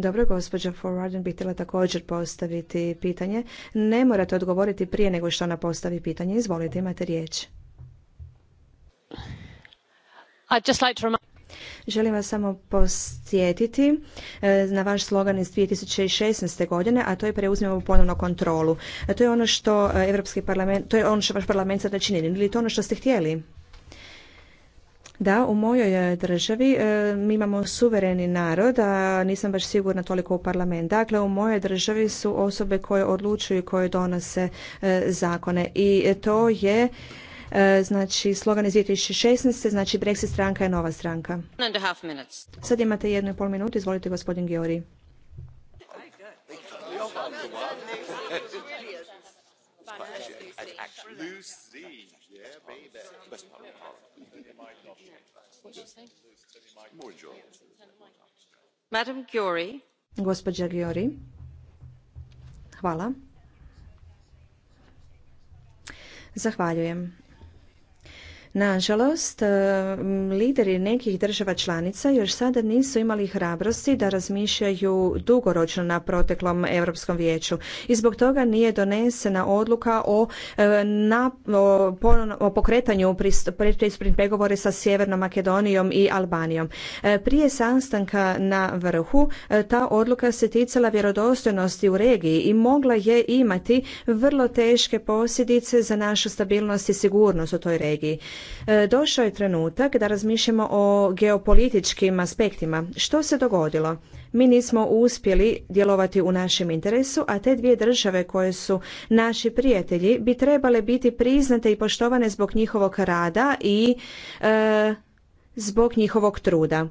Dobro, gospođa Forwarden bi htjela također postaviti pitanje. Ne morate odgovoriti prije nego što ona postavi pitanje. Izvolite, imate riječ. I'd just like to remind... Želim vas samo posjetiti e, na vaš slogan iz 2016. godine, a to je preuzmemo ponovno kontrolu. E, to je ono što Europski parlament, to je ono što vaš parlament sada čini. Ili to ono što ste htjeli? Da, u mojoj e, državi e, mi imamo suvereni narod, a nisam baš sigurna toliko u parlament. Dakle, u mojoj državi su osobe koje odlučuju i koje donose e, zakone i to je znači slogan iz 2016. znači Brexit stranka je nova stranka. Sad imate jednu i pol minutu, izvolite gospodin Giori. Madam Giori. Gospođa Giori. Hvala. Zahvaljujem. Nažalost, e, lideri nekih država članica još sada nisu imali hrabrosti da razmišljaju dugoročno na proteklom Europskom vijeću i zbog toga nije donesena odluka o, e, na, pokretanju pregovore sa Sjevernom Makedonijom i Albanijom. E, prije sastanka na vrhu ta odluka se ticala vjerodostojnosti u regiji i mogla je imati vrlo teške posljedice za našu stabilnost i sigurnost u toj regiji. E, došao je trenutak da razmišljamo o geopolitičkim aspektima. Što se dogodilo? Mi nismo uspjeli djelovati u našem interesu, a te dvije države koje su naši prijatelji bi trebale biti priznate i poštovane zbog njihovog rada i e, zbog njihovog truda.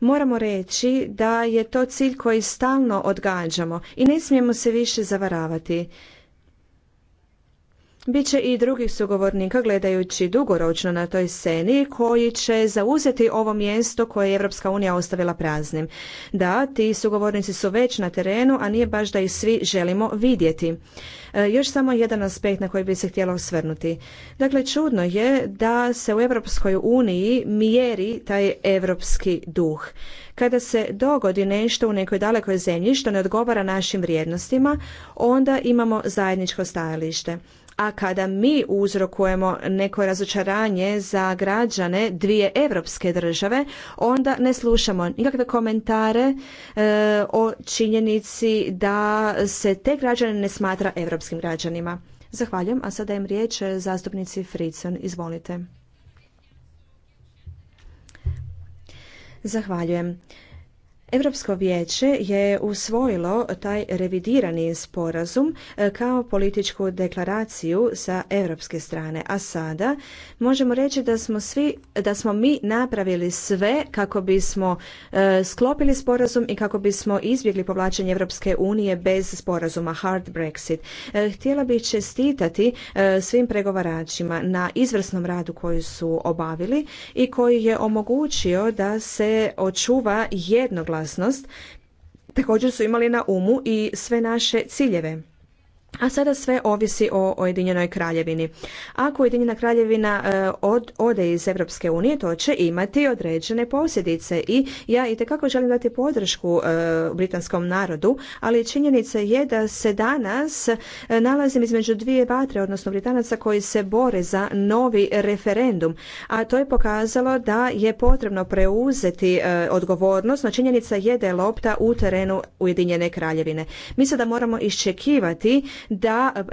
Moramo reći da je to cilj koji stalno odgađamo i ne smijemo se više zavaravati će i drugih sugovornika gledajući dugoročno na toj sceni koji će zauzeti ovo mjesto koje je Europska unija ostavila praznim. Da, ti sugovornici su već na terenu, a nije baš da ih svi želimo vidjeti. E, još samo jedan aspekt na koji bi se htjela osvrnuti. Dakle, čudno je da se u Europskoj uniji mjeri taj europski duh. Kada se dogodi nešto u nekoj dalekoj zemlji što ne odgovara našim vrijednostima, onda imamo zajedničko stajalište a kada mi uzrokujemo neko razočaranje za građane dvije europske države, onda ne slušamo nikakve komentare e, o činjenici da se te građane ne smatra europskim građanima. Zahvaljujem, a sada im riječ zastupnici Fricon. Izvolite. Zahvaljujem. Europsko vijeće je usvojilo taj revidirani sporazum e, kao političku deklaraciju sa europske strane, a sada možemo reći da smo svi, da smo mi napravili sve kako bismo e, sklopili sporazum i kako bismo izbjegli povlačenje Europske unije bez sporazuma hard Brexit. E, htjela bih čestitati svim pregovaračima na izvrsnom radu koji su obavili i koji je omogućio da se očuva jednoglasno suglasnost, također su imali na umu i sve naše ciljeve a sada sve ovisi o Ujedinjenoj kraljevini. Ako Ujedinjena kraljevina e, od, ode iz Europske unije, to će imati određene posljedice i ja i tekako želim dati podršku e, britanskom narodu, ali činjenica je da se danas e, nalazim između dvije vatre, odnosno Britanaca koji se bore za novi referendum, a to je pokazalo da je potrebno preuzeti odgovornost, no činjenica je da je lopta u terenu Ujedinjene kraljevine. Mi da moramo iščekivati da,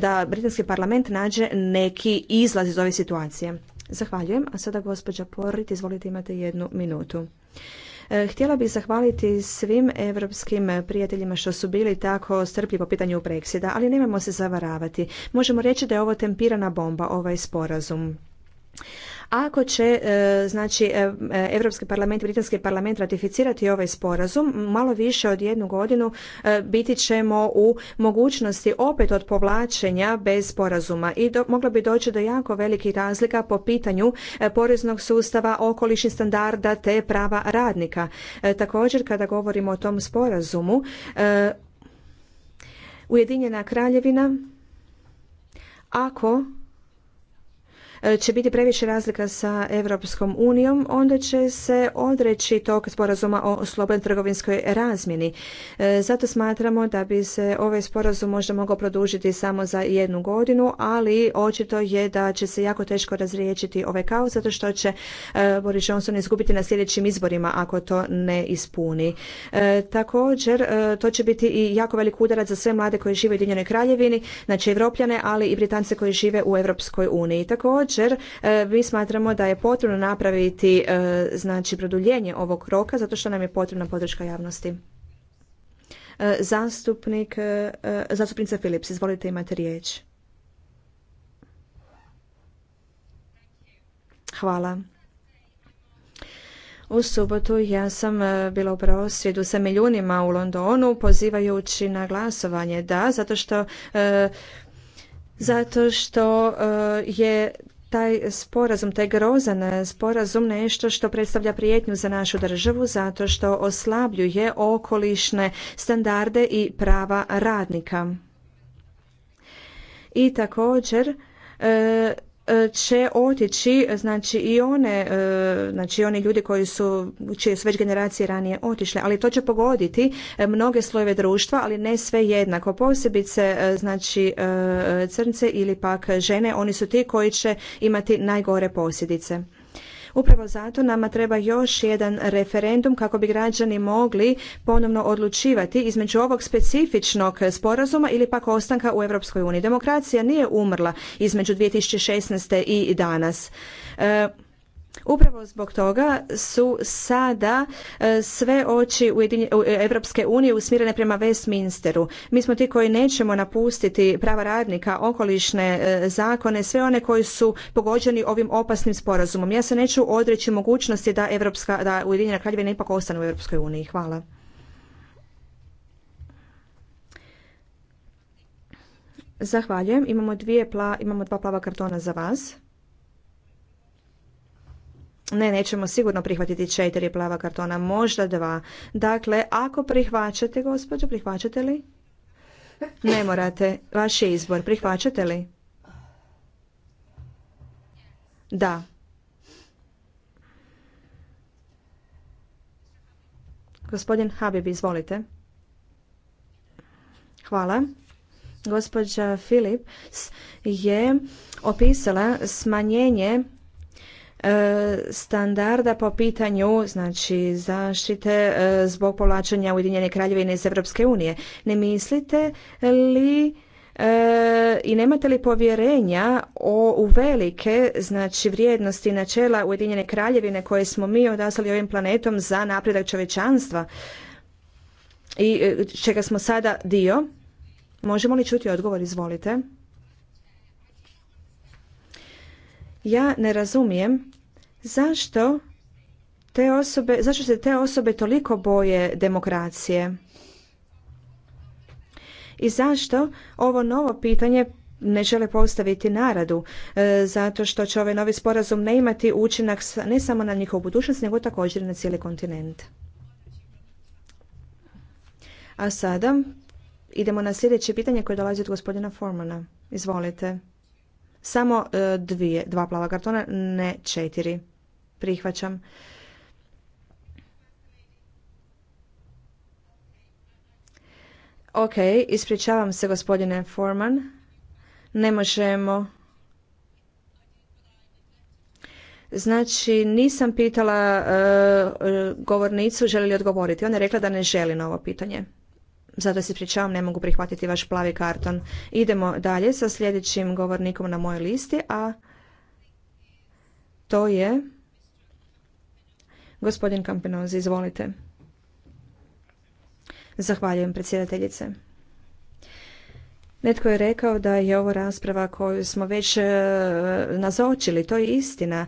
da Britanski parlament nađe neki izlaz iz ove situacije. Zahvaljujem. A sada gospođa Porit, izvolite imate jednu minutu. E, htjela bih zahvaliti svim europskim prijateljima što su bili tako strpljivi po pitanju Brexita, ali nemojmo se zavaravati. Možemo reći da je ovo tempirana bomba, ovaj sporazum. Ako će e, znači Europski e, parlament, Britanski parlament ratificirati ovaj sporazum, malo više od jednu godinu e, biti ćemo u mogućnosti opet od povlačenja bez sporazuma i moglo bi doći do jako velikih razlika po pitanju poreznog sustava, okolišnih standarda te prava radnika. Također kada govorimo o tom sporazumu, Ujedinjena kraljevina ako E, će biti previše razlika sa Europskom unijom, onda će se odreći tog sporazuma o slobodnoj trgovinskoj razmjeni. E, zato smatramo da bi se ovaj sporazum možda mogao produžiti samo za jednu godinu, ali očito je da će se jako teško razriješiti ovaj kaos zato što će e, Boris Johnson izgubiti na sljedećim izborima ako to ne ispuni. Također, to će biti i jako velik udarac za sve mlade koji žive u Ujedinjenoj Kraljevini, znači Evropljane, ali i Britance koji žive u Europskoj uniji. Također, Također, e, mi smatramo da je potrebno napraviti e, znači produljenje ovog roka zato što nam je potrebna podrška javnosti. E, zastupnik, zastupnica Philips, izvolite imate riječ. Hvala. U subotu ja sam bila u prosvjedu sa milijunima u Londonu pozivajući na glasovanje da, zato što zato što je taj sporazum, taj grozan sporazum nešto što predstavlja prijetnju za našu državu zato što oslabljuje okolišne standarde i prava radnika. I također e, će otići znači i one e, znači oni ljudi koji su čije su već generacije ranije otišle ali to će pogoditi e, mnoge slojeve društva ali ne sve jednako posebice e, znači crnce ili pak žene oni su ti koji će imati najgore posljedice Upravo zato nama treba još jedan referendum kako bi građani mogli ponovno odlučivati između ovog specifičnog sporazuma ili pak ostanka u Europskoj uniji. Demokracija nije umrla između 2016. i danas. E, Upravo zbog toga su sada e, sve oči Europske e, unije usmjerene prema Westminsteru. Mi smo ti koji nećemo napustiti prava radnika, okolišne e, zakone, sve one koji su pogođeni ovim opasnim sporazumom. Ja se neću odreći mogućnosti da Europska, Ujedinjena Kraljevina ipak ostane u Europskoj uniji. Hvala. Zahvaljujem. Imamo, dvije imamo dva plava kartona za vas ne, nećemo sigurno prihvatiti četiri plava kartona, možda dva. Dakle, ako prihvaćate, gospođo, prihvaćate li? Ne morate. Vaš je izbor. Prihvaćate li? Da. Gospodin Habib, izvolite. Hvala. Gospođa Filip je opisala smanjenje E, standarda po pitanju znači zaštite e, zbog povlačenja Ujedinjene kraljevine iz Europske unije. Ne mislite li e, i nemate li povjerenja o, u velike znači vrijednosti načela Ujedinjene kraljevine koje smo mi odaslali ovim planetom za napredak čovečanstva i čega smo sada dio? Možemo li čuti odgovor? Izvolite. Ja ne razumijem zašto te osobe, zašto se te osobe toliko boje demokracije? I zašto ovo novo pitanje ne žele postaviti naradu, e, zato što će ovaj novi sporazum ne imati učinak ne samo na njihovu budućnost, nego također na cijeli kontinent. A sada idemo na sljedeće pitanje koje dolazi od gospodina Formana. Izvolite. Samo e, dvije, dva plava kartona, ne četiri. Prihvaćam. Ok, ispričavam se gospodine Forman. Ne možemo. Znači, nisam pitala e, e, govornicu želi li odgovoriti. Ona je rekla da ne želi na ovo pitanje. Zato se pričavam, ne mogu prihvatiti vaš plavi karton. Idemo dalje sa sljedećim govornikom na mojoj listi, a to je gospodin Kampenozi. Izvolite. Zahvaljujem predsjedateljice. Netko je rekao da je ovo rasprava koju smo već eh, nazočili, to je istina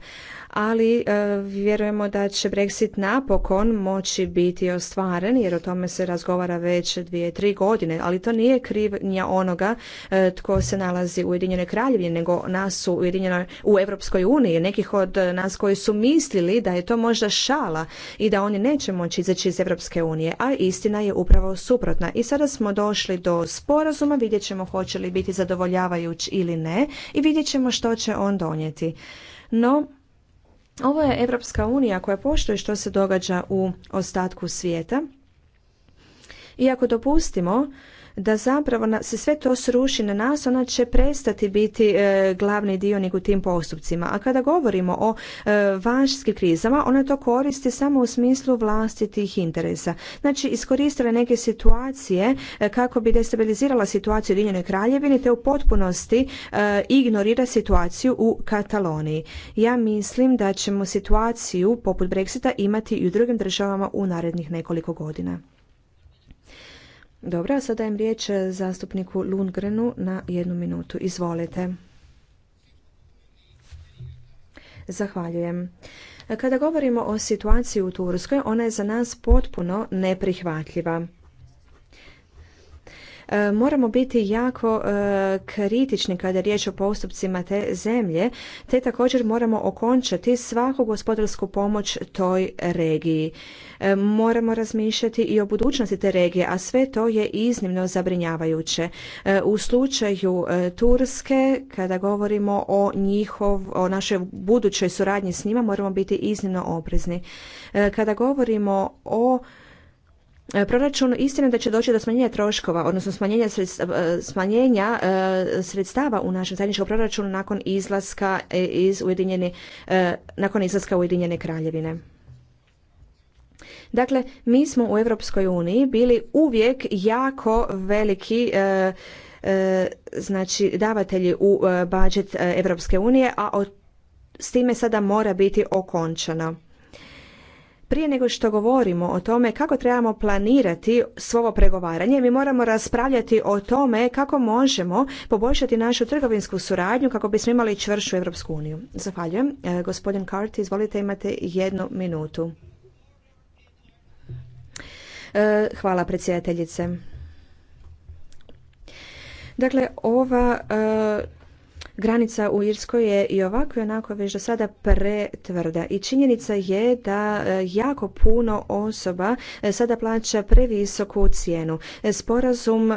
ali e, vjerujemo da će Brexit napokon moći biti ostvaren jer o tome se razgovara već dvije, tri godine, ali to nije krivnja onoga e, tko se nalazi u Ujedinjenoj kraljevini, nego nas u, Ujedinjenoj, u Europskoj uniji, nekih od nas koji su mislili da je to možda šala i da oni neće moći izaći iz Europske unije, a istina je upravo suprotna. I sada smo došli do sporazuma, vidjet ćemo hoće li biti zadovoljavajući ili ne i vidjet ćemo što će on donijeti. No, ovo je Europska unija koja poštuje što se događa u ostatku svijeta. I ako dopustimo da zapravo se sve to sruši na nas, ona će prestati biti e, glavni dionik u tim postupcima. A kada govorimo o e, vanjskim krizama, ona to koristi samo u smislu vlastitih interesa. Znači, iskoristila neke situacije e, kako bi destabilizirala situaciju u Ujedinjenoj Kraljevini te u potpunosti ignorira situaciju u Kataloniji. Ja mislim da ćemo situaciju poput Brexita imati i u drugim državama u narednih nekoliko godina. Dobro, a sada dajem riječ zastupniku Lundgrenu na jednu minutu. Izvolite. Zahvaljujem. Kada govorimo o situaciji u Turskoj, ona je za nas potpuno neprihvatljiva. E, moramo biti jako e, kritični kada je riječ o postupcima te zemlje, te također moramo okončati svaku gospodarsku pomoć toj regiji. E, moramo razmišljati i o budućnosti te regije, a sve to je iznimno zabrinjavajuće. U slučaju Turske, kada govorimo o njihov, o našoj budućoj suradnji s njima, moramo biti iznimno oprezni. Kada govorimo o E, proračun istina da će doći do smanjenja troškova, odnosno smanjenja, sredstava, e, smanjenja e, sredstava u našem zajedničkom proračunu nakon izlaska Ujedinjene, nakon izlaska Ujedinjene kraljevine. Dakle, mi smo u Europskoj uniji bili uvijek jako veliki znači, davatelji u budžet Europske unije, a s time sada mora biti okončano. Prije nego što govorimo o tome kako trebamo planirati svo pregovaranje, mi moramo raspravljati o tome kako možemo poboljšati našu trgovinsku suradnju kako bismo imali čvršu Europsku uniju. Zahvaljujem. E, gospodin Kart, izvolite, imate jednu minutu. E, hvala predsjedateljice. Dakle, ova e, granica u Irskoj je i ovako i onako već do sada pretvrda i činjenica je da e, jako puno osoba e, sada plaća previsoku cijenu. E, sporazum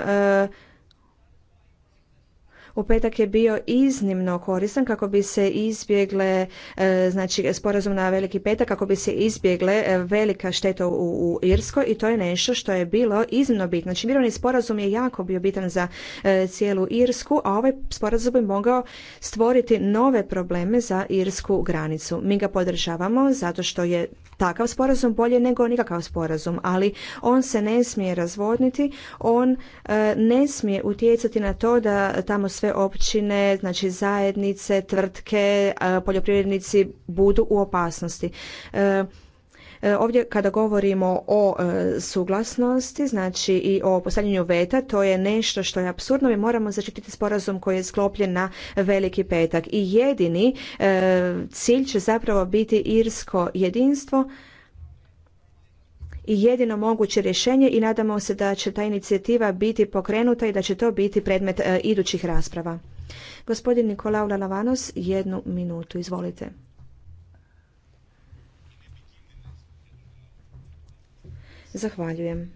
u petak je bio iznimno koristan kako bi se izbjegle, e, znači sporazum na veliki petak, kako bi se izbjegle e, velika šteta u, Irskoj i to je nešto što je bilo iznimno bitno. Znači mirovni sporazum je jako bio bitan za e, cijelu Irsku, a ovaj sporazum bi mogao stvoriti nove probleme za irsku granicu. Mi ga podržavamo zato što je takav sporazum bolje nego nikakav sporazum, ali on se ne smije razvodniti, on ne smije utjecati na to da tamo sve sve općine, znači zajednice, tvrtke, e, poljoprivrednici budu u opasnosti. E, e, ovdje kada govorimo o suglasnosti, znači i o postavljanju veta, to je nešto što je apsurdno. Mi moramo zaštititi sporazum koji je sklopljen na veliki petak. I jedini cilj će zapravo biti irsko jedinstvo i jedino moguće rješenje i nadamo se da će ta inicijativa biti pokrenuta i da će to biti predmet e, idućih rasprava. Gospodin Nikolao Lavanos, jednu minutu, izvolite. Zahvaljujem.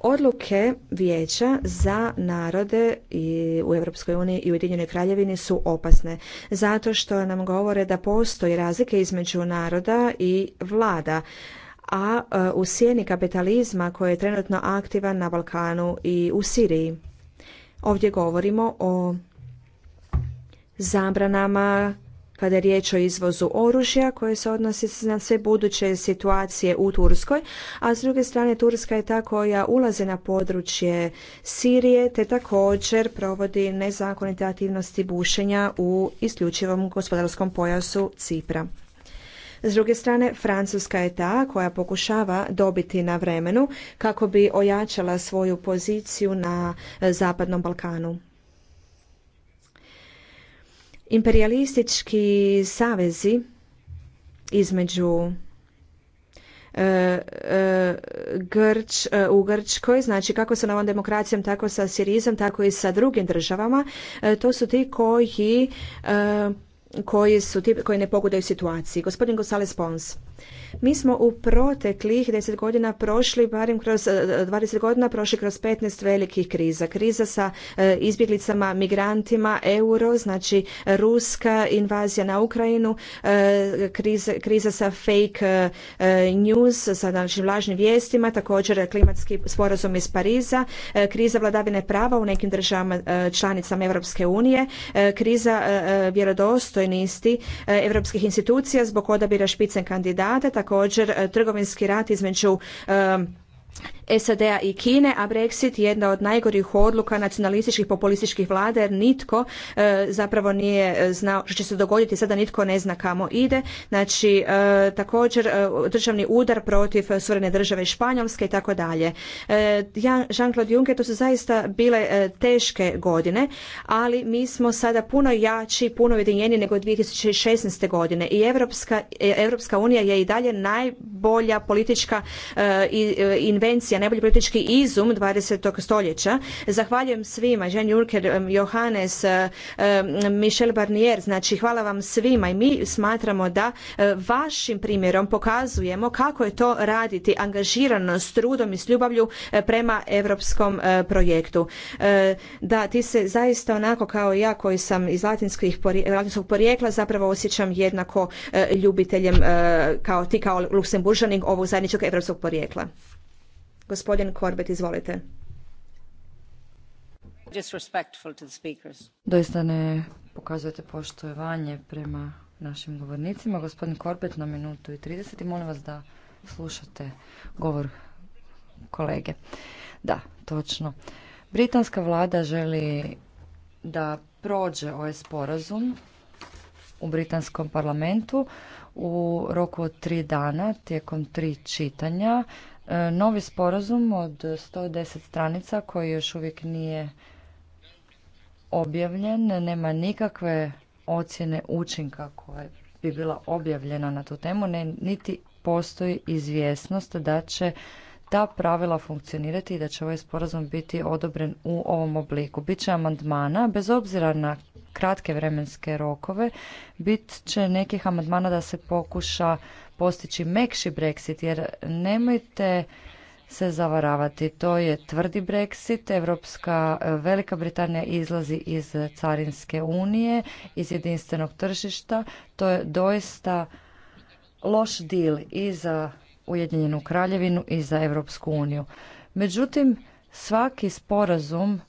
Odluke vijeća za narode i u Europskoj uniji i Ujedinjenoj kraljevini su opasne zato što nam govore da postoje razlike između naroda i vlada a e, u sjeni kapitalizma koji je trenutno aktivan na Balkanu i u Siriji. Ovdje govorimo o zabranama kada je riječ o izvozu oružja koje se odnosi na sve buduće situacije u Turskoj, a s druge strane Turska je ta koja ulazi na područje Sirije te također provodi nezakonite aktivnosti bušenja u isključivom gospodarskom pojasu Cipra. S druge strane, Francuska je ta koja pokušava dobiti na vremenu kako bi ojačala svoju poziciju na Zapadnom Balkanu. Imperialistički savezi između e, e, Grč, e, u Grčkoj, znači kako sa novom demokracijom, tako sa Sirizom, tako i sa drugim državama, to su ti koji koji, su ti, koji ne pogodaju situaciji. Gospodin Gosales Pons. Mi smo u proteklih deset godina prošli, barem kroz 20 e, godina, prošli kroz 15 velikih kriza. Kriza sa e, izbjeglicama, migrantima, euro, znači ruska invazija na Ukrajinu, e, kriza, kriza sa fake news, sa našim lažnim vijestima, također klimatski sporazum iz Pariza, kriza vladavine prava u nekim državama članicama Europske unije, kriza vjerodostojnosti europskih institucija zbog odabira špicen kandidata, rata, također e, trgovinski rat između e, SAD-a i Kine, a Brexit je jedna od najgorih odluka nacionalističkih populističkih vlada jer nitko e, zapravo nije e, znao što će se dogoditi, sada nitko ne zna kamo ide. Znači e, također državni udar protiv suverene države Španjolske i tako dalje. Jean-Claude Juncker, to su zaista bile teške godine, ali mi smo sada puno jači, puno ujedinjeni nego 2016. godine i Europska, unija je i dalje najbolja politička invencija najbolji politički izum 20. stoljeća. Zahvaljujem svima, Jean Juncker, Johannes, eh, Michel Barnier, znači hvala vam svima i mi smatramo da eh, vašim primjerom pokazujemo kako je to raditi angažirano s trudom i s ljubavlju eh, prema europskom projektu. Da, ti se zaista onako kao ja koji sam iz latinskih, latinskog porijekla zapravo osjećam jednako ljubiteljem kao ti kao luksemburžanin ovog zajedničkog europskog porijekla. Gospodin Korbet, izvolite. Doista ne pokazujete poštovanje prema našim govornicima. Gospodin Korbet na minutu i 30 i molim vas da slušate govor kolege. Da, točno. Britanska vlada želi da prođe ovaj sporazum u britanskom parlamentu u roku od tri dana tijekom tri čitanja E, novi sporazum od 110 stranica koji još uvijek nije objavljen, nema nikakve ocjene učinka koja bi bila objavljena na tu temu, niti postoji izvjesnost da će ta pravila funkcionirati i da će ovaj sporazum biti odobren u ovom obliku. Biće amandmana, bez obzira na kratke vremenske rokove, bit će nekih amandmana da se pokuša postići mekši Brexit jer nemojte se zavaravati. To je tvrdi Brexit. Evropska e, Velika Britanija izlazi iz Carinske unije, iz jedinstvenog tržišta. To je doista loš dil i za Ujedinjenu kraljevinu i za Evropsku uniju. Međutim, svaki sporazum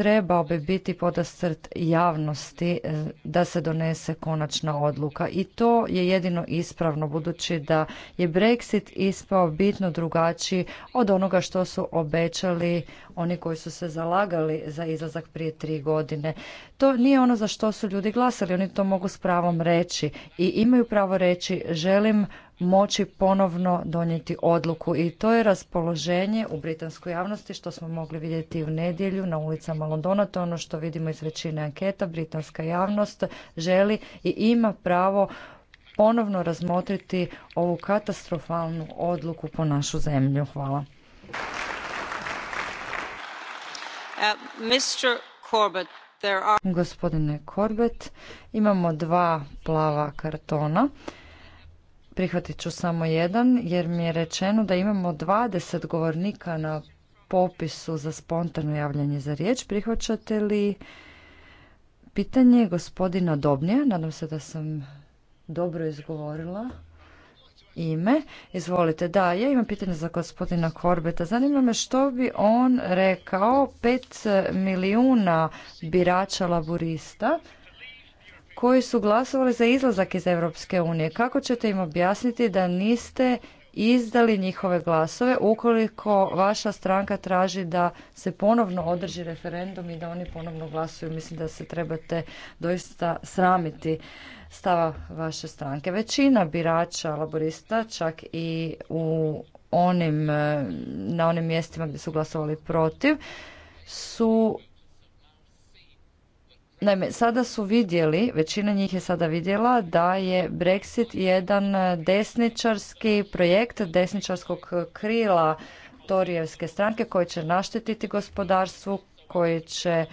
trebao bi biti podastrt javnosti e, da se donese konačna odluka i to je jedino ispravno budući da je Brexit ispao bitno drugačiji od onoga što su obećali oni koji su se zalagali za izlazak prije tri godine. To nije ono za što su ljudi glasali, oni to mogu s pravom reći i imaju pravo reći želim moći ponovno donijeti odluku i to je raspoloženje u britanskoj javnosti što smo mogli vidjeti u nedjelju na ulicama Londona, to je ono što vidimo iz većine anketa, britanska javnost želi i ima pravo ponovno razmotriti ovu katastrofalnu odluku po našu zemlju. Hvala. Uh, Gospodine Corbett, imamo dva plava kartona prihvatit ću samo jedan jer mi je rečeno da imamo 20 govornika na popisu za spontano javljanje za riječ. Prihvaćate li pitanje gospodina Dobnija? Nadam se da sam dobro izgovorila ime. Izvolite, da, ja imam pitanje za gospodina Korbeta. Zanima me što bi on rekao pet milijuna birača laburista koji su glasovali za izlazak iz Europske unije. Kako ćete im objasniti da niste izdali njihove glasove ukoliko vaša stranka traži da se ponovno održi referendum i da oni ponovno glasuju. Mislim da se trebate doista sramiti stava vaše stranke. Većina birača laborista čak i u onim, na onim mjestima gdje su glasovali protiv su Naime, sada su vidjeli, većina njih je sada vidjela da je Brexit jedan desničarski projekt desničarskog krila Torijevske stranke koji će naštetiti gospodarstvu, koji će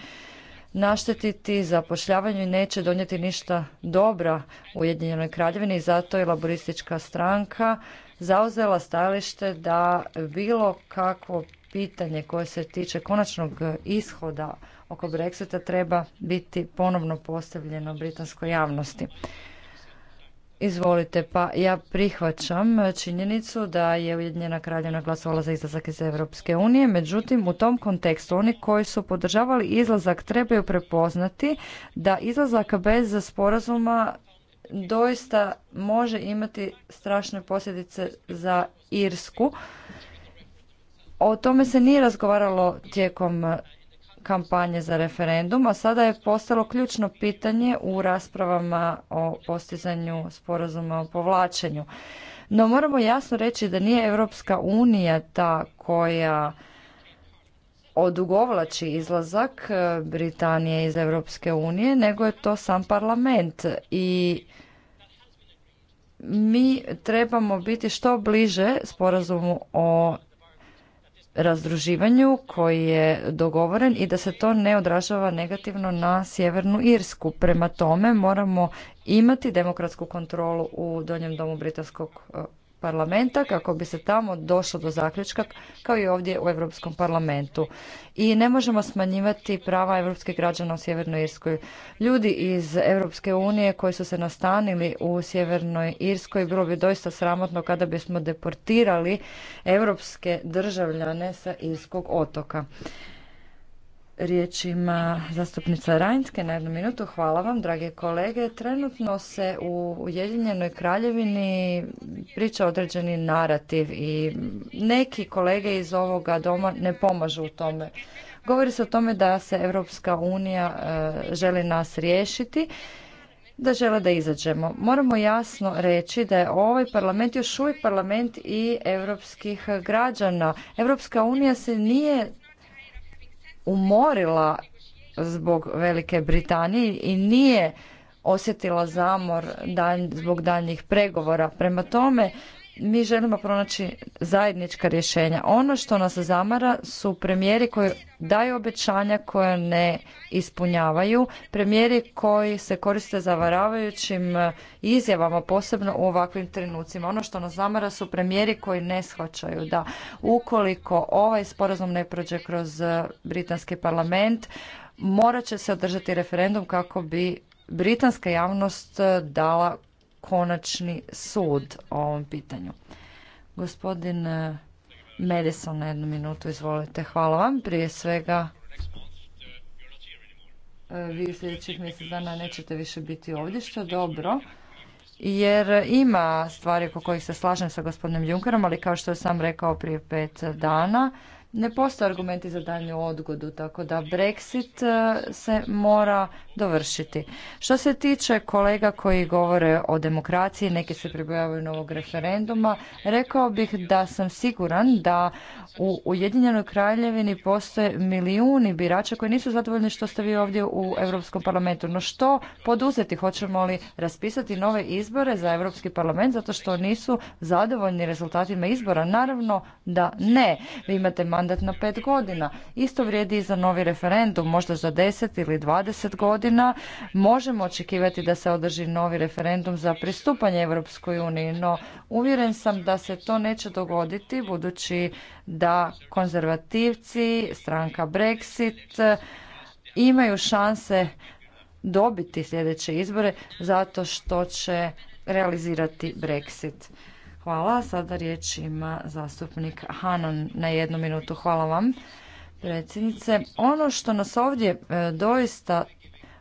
naštetiti zapošljavanju i neće donijeti ništa dobra Ujedinjenoj kraljevini i zato je laboristička stranka zauzela stajalište da bilo kakvo pitanje koje se tiče konačnog ishoda oko Brexita treba biti ponovno postavljeno britanskoj javnosti. Izvolite, pa ja prihvaćam činjenicu da je Ujedinjena Kraljevina glasovala za izlazak iz Europske unije, međutim u tom kontekstu oni koji su podržavali izlazak trebaju prepoznati da izlazak bez sporazuma doista može imati strašne posljedice za Irsku. O tome se nije razgovaralo tijekom kampanje za referendum, a sada je postalo ključno pitanje u raspravama o postizanju sporazuma o povlačenju. No moramo jasno reći da nije Europska unija ta koja odugovlači izlazak e, Britanije iz Europske unije, nego je to sam parlament i mi trebamo biti što bliže sporazumu o razdruživanju koji je dogovoren i da se to ne odražava negativno na Sjevernu Irsku. Prema tome moramo imati demokratsku kontrolu u Donjem domu Britanskog parlamenta kako bi se tamo došlo do zaključka kao i ovdje u Europskom parlamentu. I ne možemo smanjivati prava europskih građana u Sjevernoj Irskoj. Ljudi iz Europske unije koji su se nastanili u Sjevernoj Irskoj bilo bi doista sramotno kada bismo deportirali europske državljane sa Irskog otoka. Riječ ima zastupnica Rajnske na jednu minutu. Hvala vam, drage kolege. Trenutno se u Ujedinjenoj kraljevini priča određeni narativ i neki kolege iz ovoga doma ne pomažu u tome. Govori se o tome da se Europska unija e, želi nas riješiti da žele da izađemo. Moramo jasno reći da je ovaj parlament još uvijek parlament i europskih građana. Europska unija se nije umorila zbog Velike Britanije i nije osjetila zamor zbog daljnjih pregovora. Prema tome, mi želimo pronaći zajednička rješenja. Ono što nas zamara su premijeri koji daju obećanja koja ne ispunjavaju, premijeri koji se koriste zavaravajućim e, izjavama, posebno u ovakvim trenucima. Ono što nas zamara su premijeri koji ne shvaćaju da ukoliko ovaj sporazum ne prođe kroz e, britanski parlament, morat će se održati referendum kako bi britanska javnost e, dala konačni sud o ovom pitanju. Gospodin eh, Madison na jednu minutu, izvolite. Hvala vam. Prije svega, eh, vi u sljedećih mjesec dana nećete više biti ovdje, što dobro. Jer ima stvari oko kojih se slažem sa gospodinom Junkerom, ali kao što je sam rekao prije pet dana, ne postoje argumenti za daljnju odgodu, tako da Brexit e, se mora dovršiti. Što se tiče kolega koji govore o demokraciji, neki se pribojavaju novog referenduma, rekao bih da sam siguran da u Ujedinjenoj kraljevini postoje milijuni birača koji nisu zadovoljni što ste vi ovdje u Europskom parlamentu. No što poduzeti? Hoćemo li raspisati nove izbore za Europski parlament zato što nisu zadovoljni rezultatima izbora? Naravno da ne. Vi imate mandat na pet godina. Isto vrijedi i za novi referendum, možda za deset ili dvadeset godina. Možemo očekivati da se održi novi referendum za pristupanje Europskoj uniji, no uvjeren sam da se to neće dogoditi budući da konzervativci, stranka Brexit imaju šanse dobiti sljedeće izbore zato što će realizirati Brexit. Hvala. Sada riječ ima zastupnik Hanon na jednu minutu. Hvala vam, predsjednice. Ono što nas ovdje e, doista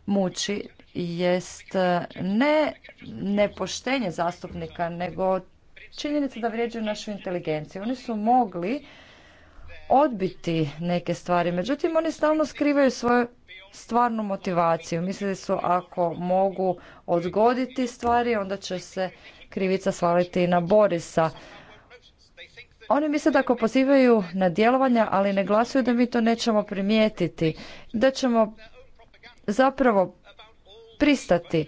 muči jest e, ne nepoštenje zastupnika, nego činjenica da vrijeđaju našu inteligenciju. Oni su mogli odbiti neke stvari, međutim oni stalno skrivaju svoju stvarnu motivaciju. Mislili su ako mogu odgoditi stvari, onda će se krivica svaliti na Borisa. Oni misle da ako pozivaju na djelovanja, ali ne glasuju da mi to nećemo primijetiti, da ćemo zapravo pristati.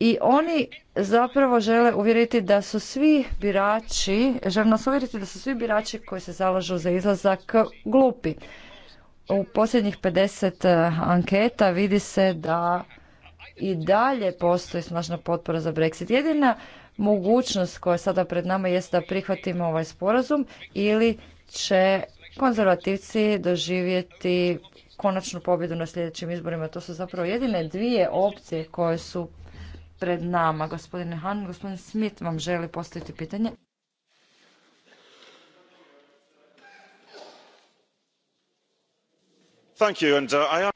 I oni zapravo žele uvjeriti da su svi birači, žele nas uvjeriti da su svi birači koji se zalažu za izlazak glupi. U posljednjih 50 eh, anketa vidi se da i dalje postoji snažna potpora za Brexit. Jedina mogućnost koja je sada pred nama jest da prihvatimo ovaj sporazum ili će konzervativci doživjeti konačnu pobjedu na sljedećim izborima. To su zapravo jedine dvije opcije koje su pred nama. Gospodine Han, gospodin Smith vam želi postaviti pitanje. Uh,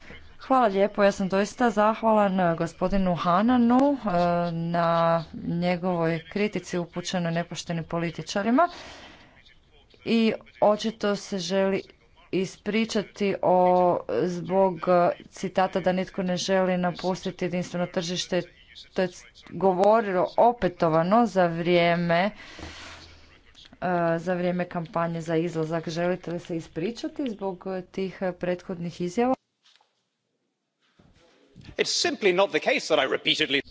Hvala lijepo, ja sam doista zahvalan eh, gospodinu Hananu eh, na njegovoj kritici upućenoj nepoštenim političarima i očito se želi ispričati o zbog eh, citata da nitko ne želi napustiti jedinstveno tržište to je govorilo opetovano za vrijeme za vrijeme kampanje za izlazak. Želite li se ispričati zbog tih prethodnih izjava?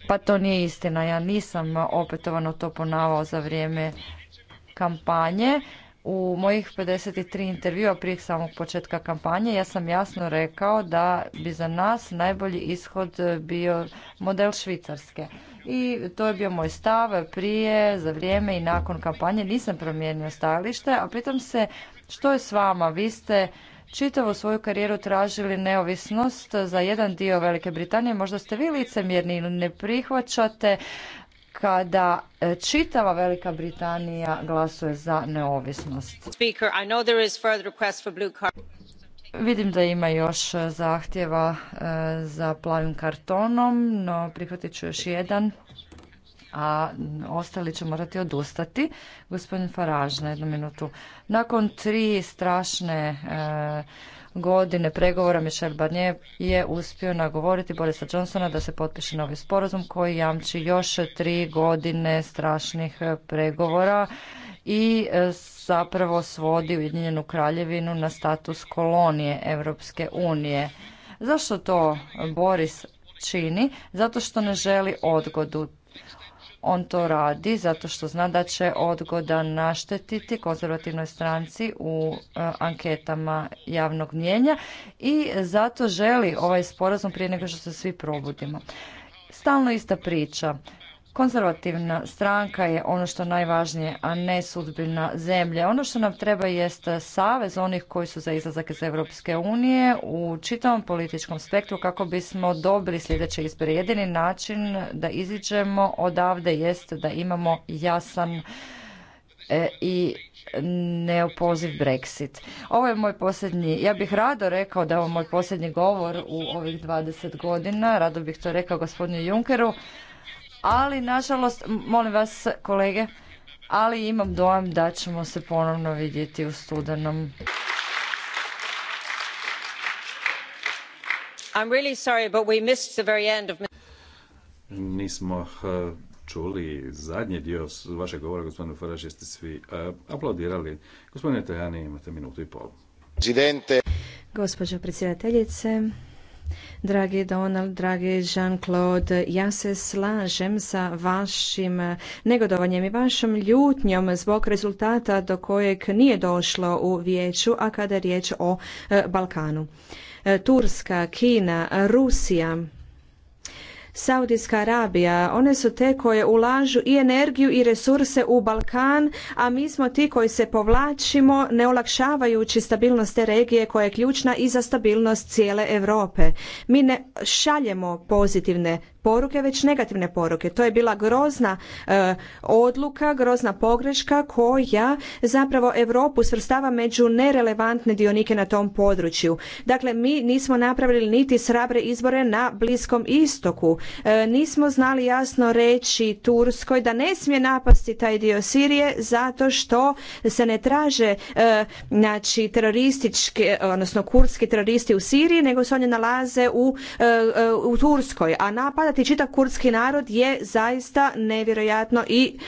Pa to nije istina, ja nisam opetovano to ponavao za vrijeme kampanje. U mojih 53 intervjua prije samog početka kampanje ja sam jasno rekao da bi za nas najbolji ishod bio model Švicarske. I to je bio moj stav prije, za vrijeme i nakon kampanje. Nisam promijenio stajalište, a pitam se što je s vama? Vi ste čitavu svoju karijeru tražili neovisnost za jedan dio Velike Britanije. Možda ste vi licemjerni ili ne prihvaćate kada e, čitava Velika Britanija glasuje za neovisnost. Vidim da ima još e, zahtjeva e, za plavim kartonom, no prihvatit ću još jedan a ostali će morati odustati. Gospodin Faraž, na jednu minutu. Nakon tri strašne e, godine pregovora Michel Barnier je uspio nagovoriti Borisa Johnsona da se potpiše novi sporazum koji jamči još tri godine strašnih e, pregovora i e, zapravo svodi Ujedinjenu kraljevinu na status kolonije Europske unije. Zašto to Boris čini? Zato što ne želi odgodu. On to radi zato što zna da će odgoda naštetiti konzervativnoj stranci u e, anketama javnog mnjenja i zato želi ovaj sporazum prije nego što se svi probudimo. Stalno ista priča. Konzervativna stranka je ono što najvažnije, a ne sudbina zemlje. Ono što nam treba jest savez onih koji su za izlazak iz Europske unije u čitavom političkom spektru kako bismo dobili sljedeće izbore. Jedini način da iziđemo odavde jest da imamo jasan e, i neopoziv Brexit. Ovo je moj posljednji, ja bih rado rekao da je ovo moj posljednji govor u ovih 20 godina, rado bih to rekao gospodinu Junkeru, ali nažalost, molim vas kolege, ali imam dojam da ćemo se ponovno vidjeti u studenom. I'm really sorry, Nismo eh, čuli zadnji dio vašeg govora, gospodine Farage, jeste svi eh, aplaudirali. Gospodine Tajani, imate minutu i pol. Presidente. Gospođo predsjedateljice, Dragi Donald, dragi Jean-Claude, ja se slažem sa vašim negodovanjem i vašom ljutnjom zbog rezultata do kojeg nije došlo u vijeću, a kada je riječ o e, Balkanu. E, Turska, Kina, Rusija, Saudijska Arabija, one su te koje ulažu i energiju i resurse u Balkan, a mi smo ti koji se povlačimo ne olakšavajući stabilnost te regije koja je ključna i za stabilnost cijele Europe. Mi ne šaljemo pozitivne poruke već negativne poruke. To je bila grozna e, odluka, grozna pogreška koja zapravo Europu svrstava među nerelevantne dionike na tom području. Dakle, mi nismo napravili niti srabre izbore na Bliskom istoku. E, nismo znali jasno reći Turskoj da ne smije napasti taj dio Sirije zato što se ne traže e, znači terorističke odnosno kurski teroristi u Siriji nego se oni nalaze u, u Turskoj, a napad ti čitav kurdski narod je zaista nevjerojatno i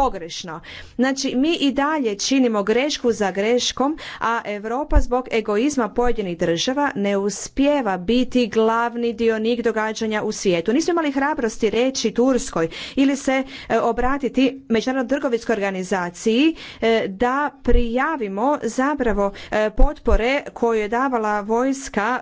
pogrešno. Znači, mi i dalje činimo grešku za greškom, a Europa zbog egoizma pojedinih država ne uspijeva biti glavni dionik događanja u svijetu. Nismo imali hrabrosti reći Turskoj ili se e, obratiti Međunarodnoj trgovinskoj organizaciji e, da prijavimo zapravo e, potpore koju je davala vojska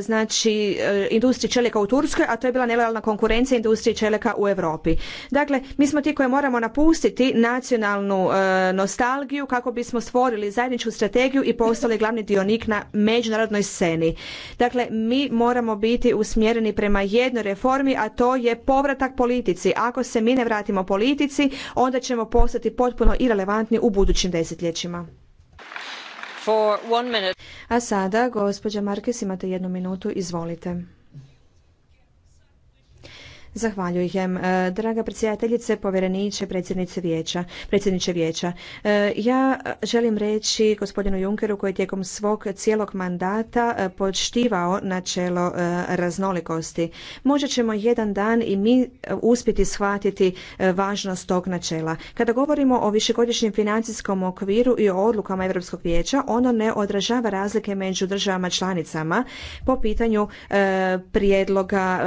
znači industriji čelika u Turskoj, a to je bila nelojalna konkurencija industriji čelika u Europi. Dakle, mi smo ti koji moramo moramo napustiti nacionalnu e, nostalgiju kako bismo stvorili zajedničku strategiju i postali glavni dionik na međunarodnoj sceni. Dakle, mi moramo biti usmjereni prema jednoj reformi, a to je povratak politici. Ako se mi ne vratimo politici, onda ćemo postati potpuno irelevantni u budućim desetljećima. For a sada, gospođa imate jednu minutu, izvolite. Zahvaljujem. E, draga predsjedateljice, povjereniče, predsjednice vijeća, predsjedniče vijeća. E, ja želim reći gospodinu Junkeru koji je tijekom svog cijelog mandata e, poštivao načelo raznolikosti. Možda ćemo jedan dan i mi uspjeti shvatiti važnost tog načela. Kada govorimo o višegodišnjem financijskom okviru i o odlukama Europskog vijeća, ono ne odražava razlike među državama članicama po pitanju prijedloga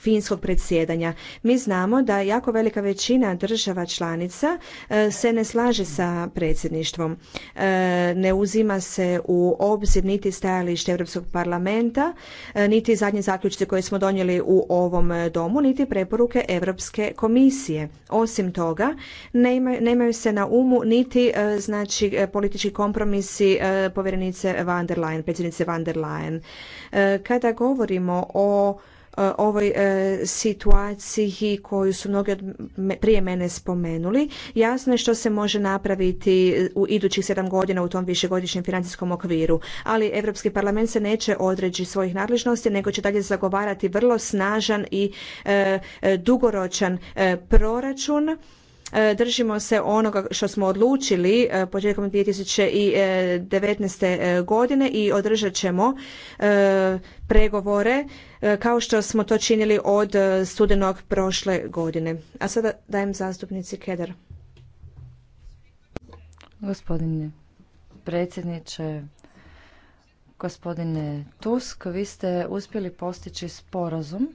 finskog predsjedanja. Mi znamo da jako velika većina država članica e, se ne slaže sa predsjedništvom. E, ne uzima se u obzir niti stajalište Europskog parlamenta, e, niti zadnje zaključice koje smo donijeli u ovom domu, niti preporuke Europske komisije. Osim toga, nemaju se na umu niti znači politički kompromisi povjerenice van der Leyen, predsjednice van der Leyen. Kada govorimo o E, ovoj e, situaciji koju su mnogi prije mene spomenuli. Jasno je što se može napraviti u idućih sedam godina u tom višegodišnjem financijskom okviru, ali Europski parlament se neće odreći svojih nadležnosti, nego će dalje zagovarati vrlo snažan i e, dugoročan proračun E, držimo se onoga što smo odlučili e, početkom 2019. E, godine i održat ćemo pregovore kao što smo to činili od studenog prošle godine. A sada dajem zastupnici Kedar. Gospodine predsjedniče, gospodine Tusk, vi ste uspjeli postići sporazum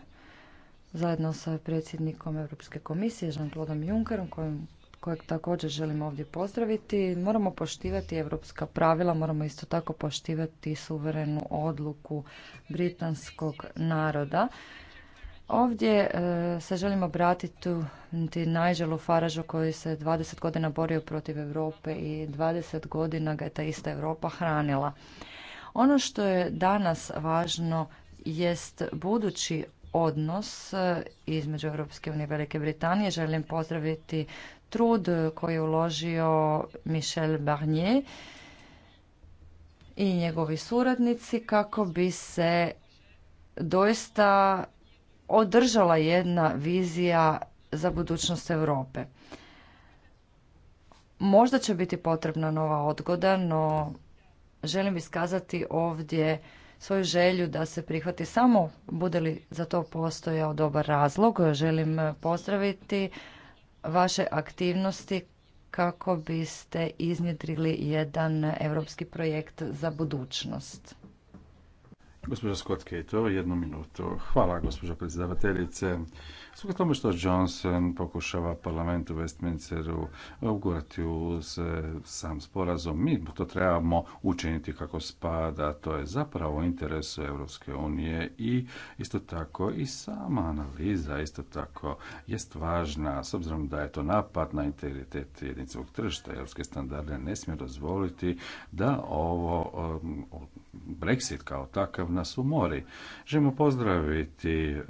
zajedno sa predsjednikom Europske komisije Jean-Claude Junckerom kojeg također želim ovdje pozdraviti. Moramo poštivati europska pravila, moramo isto tako poštivati suverenu odluku britanskog naroda. Ovdje e, se želim obratiti Nigelu Faražu koji se 20 godina borio protiv Europe i 20 godina ga je ta ista Europa hranila. Ono što je danas važno jest budući odnos e, između Europske unije i Velike Britanije. Želim pozdraviti trud koji je uložio Michel Barnier i njegovi suradnici kako bi se doista održala jedna vizija za budućnost Europe. Možda će biti potrebna nova odgoda, no želim iskazati ovdje svoju želju da se prihvati samo bude li za to postojao dobar razlog. Želim pozdraviti vaše aktivnosti kako biste iznjedrili jedan europski projekt za budućnost. Gospođa Skotke, to jednu minutu. Hvala, gospođa predsjedavateljice. Zbog tome što Johnson pokušava parlament u Westminsteru ugurati uz sam sporazum, mi to trebamo učiniti kako spada, to je zapravo u interesu Europske unije i isto tako i sama analiza isto tako jest važna s obzirom da je to napad na integritet jedinstvenog tržišta. Europske standarde ne smije dozvoliti da ovo um, Brexit kao takav nas umori. Želimo pozdraviti e,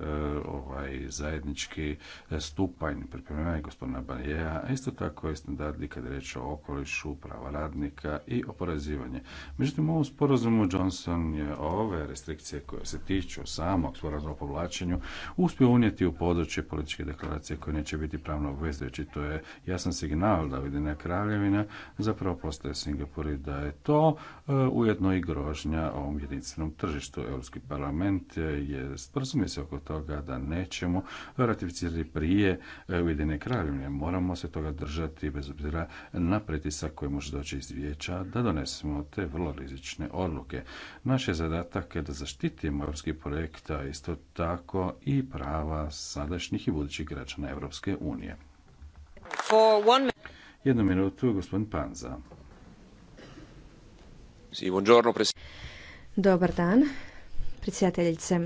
ovaj zajednički stupanj pripremljanja gospodina Barijeja, a isto tako i standardi kad je reč o okolišu, prava radnika i oporezivanje. Međutim, u ovom sporazumu Johnson je ove restrikcije koje se tiču samog sporazuma o povlačenju uspio unijeti u područje političke deklaracije koje neće biti pravno obvezujući. To je jasan signal da Ujedinjena kraljevina zapravo postaje Singapur i da je to e, ujedno i grožnje mišljenja o ovom jedinstvenom tržištu. Europski parlament je sprzumio se oko toga da nećemo ratificirati prije Ujedine kraljevine. Moramo se toga držati bez obzira na pritisak koji može doći iz vijeća da donesemo te vrlo rizične odluke. Naš je zadatak da zaštitimo europski projekt, a isto tako i prava sadašnjih i budućih građana Europske unije. Jednu minutu, gospodin Panza. Dobar dan, predsjedateljice.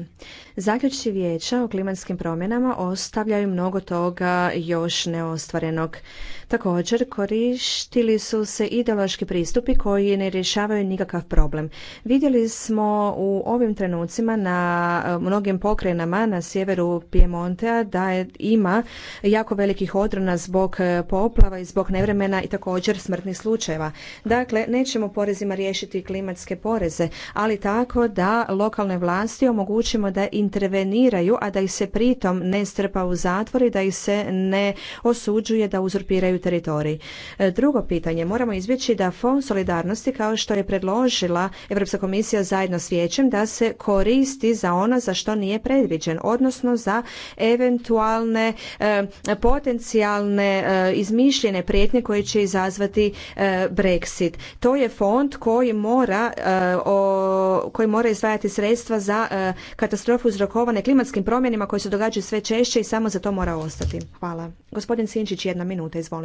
Zaključci vijeća o klimatskim promjenama ostavljaju mnogo toga još neostvarenog. Također, koristili su se ideološki pristupi koji ne rješavaju nikakav problem. Vidjeli smo u ovim trenucima na e, mnogim pokrenama na sjeveru Piemontea da je, ima jako velikih odrona zbog e, poplava i zbog nevremena i također smrtnih slučajeva. Dakle, nećemo porezima riješiti klimatske poreze, ali tako da lokalne vlasti omogućimo da interveniraju, a da ih se pritom ne strpa u zatvori, da ih se ne osuđuje da uzurpiraju imaju teritorij. E, drugo pitanje, moramo izbjeći da fond solidarnosti kao što je predložila Europska komisija zajedno s vijećem da se koristi za ono za što nije predviđen, odnosno za eventualne e, potencijalne e, izmišljene prijetnje koje će izazvati Brexit. To je fond koji mora koji mora izdvajati sredstva za katastrofu uzrokovane klimatskim promjenama koje se događaju sve češće i samo za to mora ostati. Hvala. Gospodin Sinčić, jedna minuta, izvolite.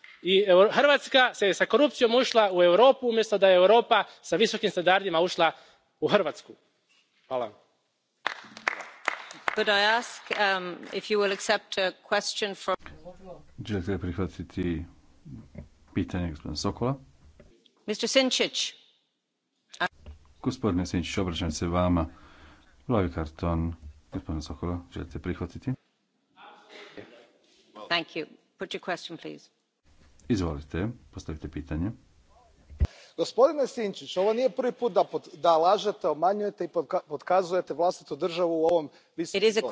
i hrvatska se s korupcijom ušla u europu umjesto da je europa s visokim standardima ušla u hrvatsku. gospodine sinčić obraćam se vama plavi karton gospodina sokola želite prihvatiti? Izvolite, postavite pitanje. Gospodine Sinčić, ovo nije prvi put da, da lažete, omanjujete i potkazujete vlastitu državu u ovom visokom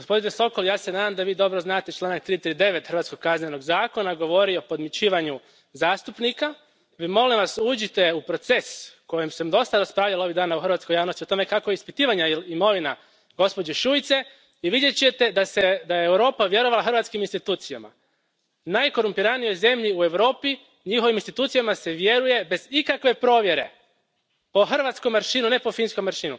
gospodine sokol ja se nadam da vi dobro znate članak three hundred thirty nine hrvatskog kaznenog zakona govori o podmićivanju zastupnika i molim vas uđite u proces kojem se dosta raspravljalo ovih dana u hrvatskoj javnosti o tome kako je ispitivana imovina gospođe šuice i vidjet ćete da je europa vjerovala hrvatskim institucijama. najkorumpiranijoj zemlji u europi njihovim institucijama se vjeruje bez ikakve provjere po hrvatskom aršinu ne po finskom aršinu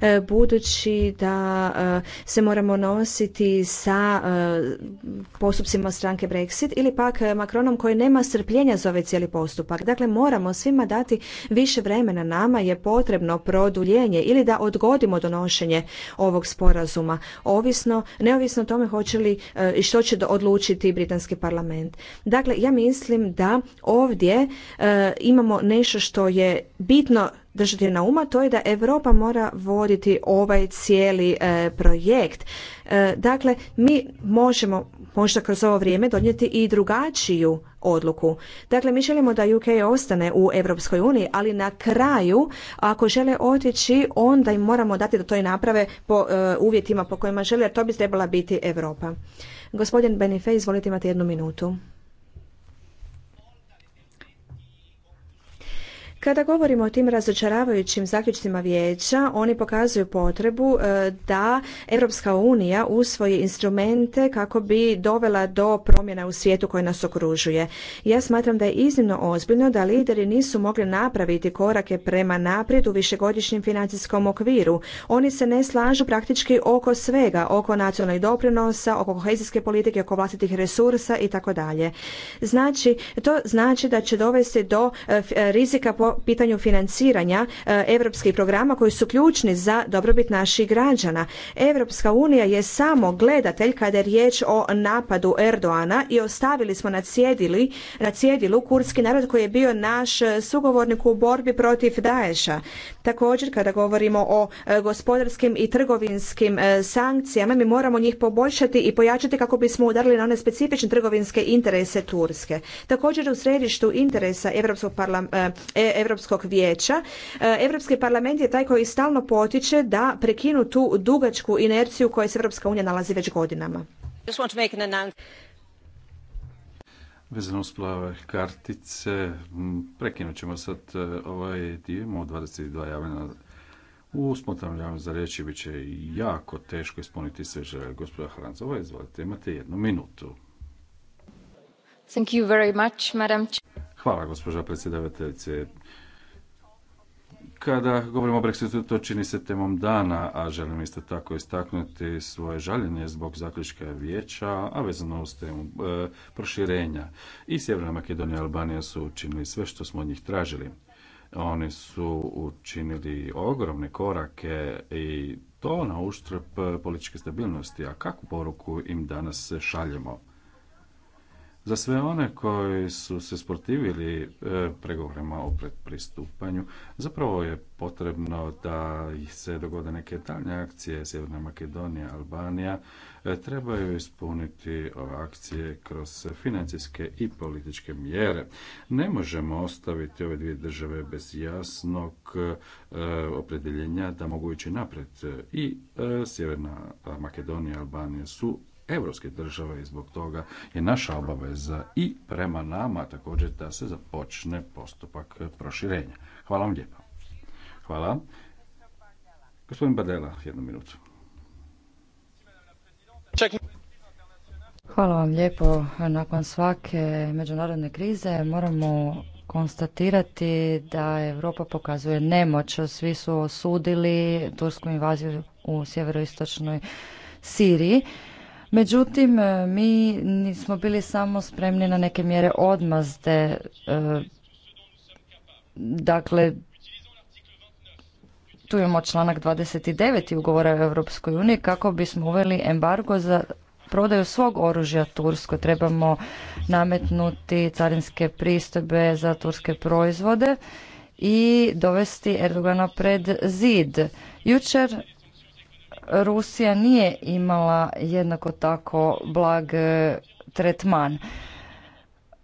E, budući da e, se moramo nositi sa e, postupcima stranke Brexit ili pak Macronom koji nema strpljenja za ovaj cijeli postupak. Dakle, moramo svima dati više vremena. Nama je potrebno produljenje ili da odgodimo donošenje ovog sporazuma. Ovisno, neovisno o tome hoće li i što će odlučiti britanski parlament. Dakle, ja mislim da ovdje imamo nešto što je bitno držati na uma, to je da Europa mora voditi ovaj cijeli e, projekt. E, dakle, mi možemo možda kroz ovo vrijeme donijeti i drugačiju odluku. Dakle, mi želimo da UK ostane u Europskoj uniji, ali na kraju, ako žele otići, onda im moramo dati da to i naprave po e, uvjetima po kojima žele, jer to bi trebala biti Europa. Gospodin Benifej, izvolite imate jednu minutu. Kada govorimo o tim razočaravajućim zaključcima vijeća, oni pokazuju potrebu e, da Europska unija usvoji instrumente kako bi dovela do promjena u svijetu koji nas okružuje. Ja smatram da je iznimno ozbiljno da lideri nisu mogli napraviti korake prema naprijed u višegodišnjem financijskom okviru. Oni se ne slažu praktički oko svega, oko nacionalnih doprinosa, oko kohezijske politike, oko vlastitih resursa i tako dalje. Znači, to znači da će dovesti do e, e, rizika po pitanju financiranja europskih eh, programa koji su ključni za dobrobit naših građana. Europska unija je samo gledatelj kada je riječ o napadu Erdoana i ostavili smo na, cjedilu kurski narod koji je bio naš eh, sugovornik u borbi protiv Daesha. Također kada govorimo o eh, gospodarskim i trgovinskim sankcijama mi moramo njih poboljšati i pojačati kako bismo udarili na one specifične trgovinske interese Turske. Također u središtu interesa Europskog parlamenta Europskog vijeća. E, Europski parlament je taj koji stalno potiče da prekinu tu dugačku inerciju koju kojoj se Europska unija nalazi već godinama. Vezano s plave kartice, prekinut ćemo sad e, ovaj dio, imamo 22 javljena u spontanom za reći bit će jako teško ispuniti sve želje. Gospoda Hranzova, izvolite, imate jednu minutu. Thank you very much, madam. Hvala, gospođa predsjedavateljice. Kada govorimo o Brexitu, to čini se temom dana, a želim isto tako istaknuti svoje žaljenje zbog zaključka vijeća, a vezano uz temu e, proširenja. I Sjeverna Makedonija i Albanija su učinili sve što smo od njih tražili. Oni su učinili ogromne korake i to na uštrb političke stabilnosti. A kakvu poruku im danas šaljemo? Za sve one koji su se sportivili e, pregovorima o pristupanju, zapravo je potrebno da ih se dogode neke daljnje akcije Sjeverna Makedonija, Albanija, e, trebaju ispuniti ove akcije kroz financijske i političke mjere. Ne možemo ostaviti ove dvije države bez jasnog e, opredjeljenja da mogu ići napred. I Sjeverna Makedonija i Albanija su evropske države i zbog toga je naša obaveza i prema nama također da se započne postupak proširenja. Hvala vam lijepo. Hvala. Gospodin Badela, jednu minutu. Hvala vam lijepo. Nakon svake međunarodne krize moramo konstatirati da Europa pokazuje nemoć. Svi su osudili tursku invaziju u sjeveroistočnoj Siriji Međutim, e, mi nismo bili samo spremni na neke mjere odmazde. E, dakle, tu imamo članak 29. ugovora u Europskoj uniji kako bismo uveli embargo za prodaju svog oružja Turskoj. Trebamo nametnuti carinske pristojbe za turske proizvode i dovesti Erdogana pred zid. Jučer Rusija nije imala jednako tako blag e, tretman.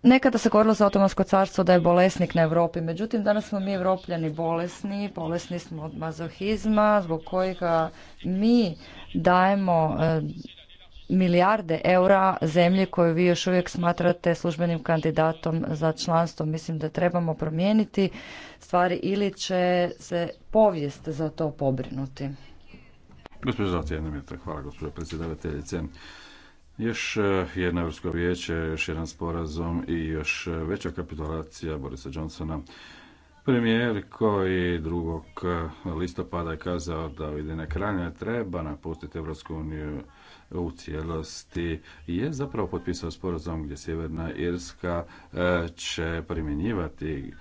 Nekada se govorilo za Otomansko carstvo da je bolesnik na Europi, međutim danas smo mi Evropljani bolesni, bolesni smo od mazohizma zbog kojega mi dajemo e, milijarde eura zemlji koju vi još uvijek smatrate službenim kandidatom za članstvo. Mislim da trebamo promijeniti stvari ili će se povijest za to pobrinuti. Gospođo Zlati, jedna Hvala, gospođo predsjedavateljice. Još e, jedno Evropsko vijeće, još jedan sporazum i još e, veća kapitulacija Borisa Johnsona. Premijer koji 2. E, listopada je kazao da Ujedine kranje treba napustiti Evropsku uniju u cijelosti je zapravo potpisao sporazum gdje Sjeverna Irska će primjenjivati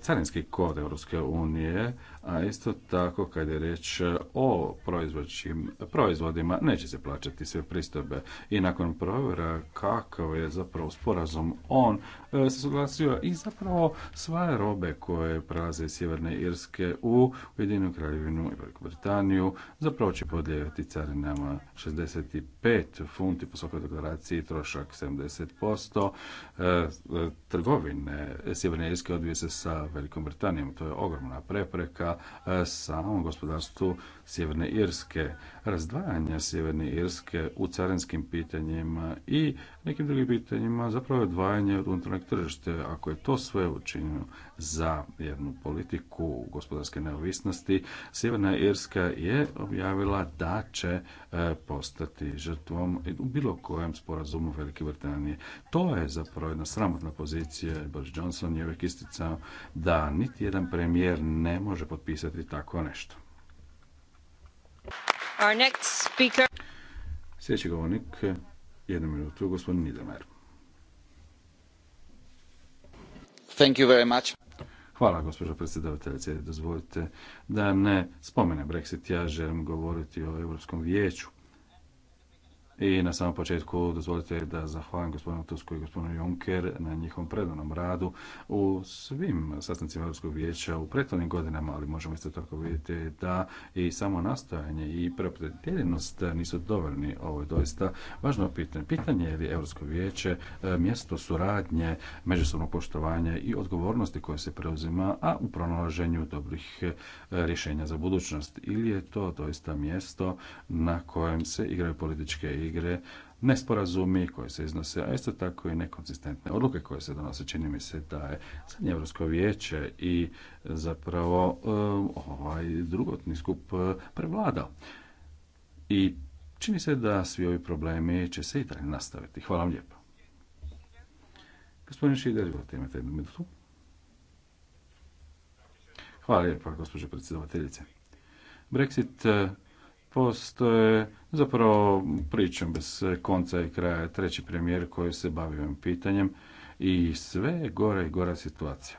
carinski kod Evropske unije a isto tako kad je reč e, o proizvodima neće se plaćati sve pristojbe i nakon provjera kakav je zapravo sporazum on E, se suglasio i zapravo sva robe koje prelaze iz Sjeverne Irske u Ujedinu Kraljevinu i Veliku Britaniju zapravo će podijeliti carinama 65 funti po svakoj deklaraciji, trošak 70%. E, e, trgovine Sjeverne Irske odvije se sa Velikom Britanijom. To je ogromna prepreka samom gospodarstvu Sjeverne Irske, razdvajanja Sjeverne Irske u carinskim pitanjima i nekim drugim pitanjima, zapravo odvajanje od unutarnjeg tržišta. Ako je to sve učinjeno za jednu politiku gospodarske neovisnosti, Sjeverna Irska je objavila da će e, postati žrtvom u bilo kojem sporazumu Velike Britanije. To je zapravo jedna sramotna pozicija. Boris Johnson je uvijek isticao da niti jedan premijer ne može potpisati tako nešto. Our next speaker... Sljedeći govornik, jednu minutu, gospodin Niedermayer. Thank you very Hvala, gospođo predsjedavateljice. Dozvolite da ne spomene Brexit. Ja želim govoriti o Europskom vijeću i na samom početku dozvolite da zahvalim gospodinu Tusku i gospodinu Juncker na njihovom predanom radu u svim sastancima Europskog vijeća u prethodnim godinama, ali možemo isto tako vidjeti da i samo nastojanje i preopredeljenost nisu dovoljni. Ovo je doista važno pitanje. Pitanje je li Europsko vijeće e, mjesto suradnje, međusobno poštovanja i odgovornosti koje se preuzima, a u pronalaženju dobrih e, rješenja za budućnost. Ili je to doista mjesto na kojem se igraju političke igre nesporazumi koji se iznose, a isto tako i nekonzistentne odluke koje se donose. Čini mi se da je Srednje Evropsko vijeće i zapravo eh, ovaj drugotni skup eh, prevladao. I čini se da svi ovi problemi će se i dalje nastaviti. Hvala vam lijepo. Gospodin Šider, imate jednu minutu. Hvala lijepa, gospođo predsjedavateljice. Brexit eh, postoje zapravo pričom bez konca i kraja treći premijer koji se bavi ovim pitanjem i sve je gora i gora situacija.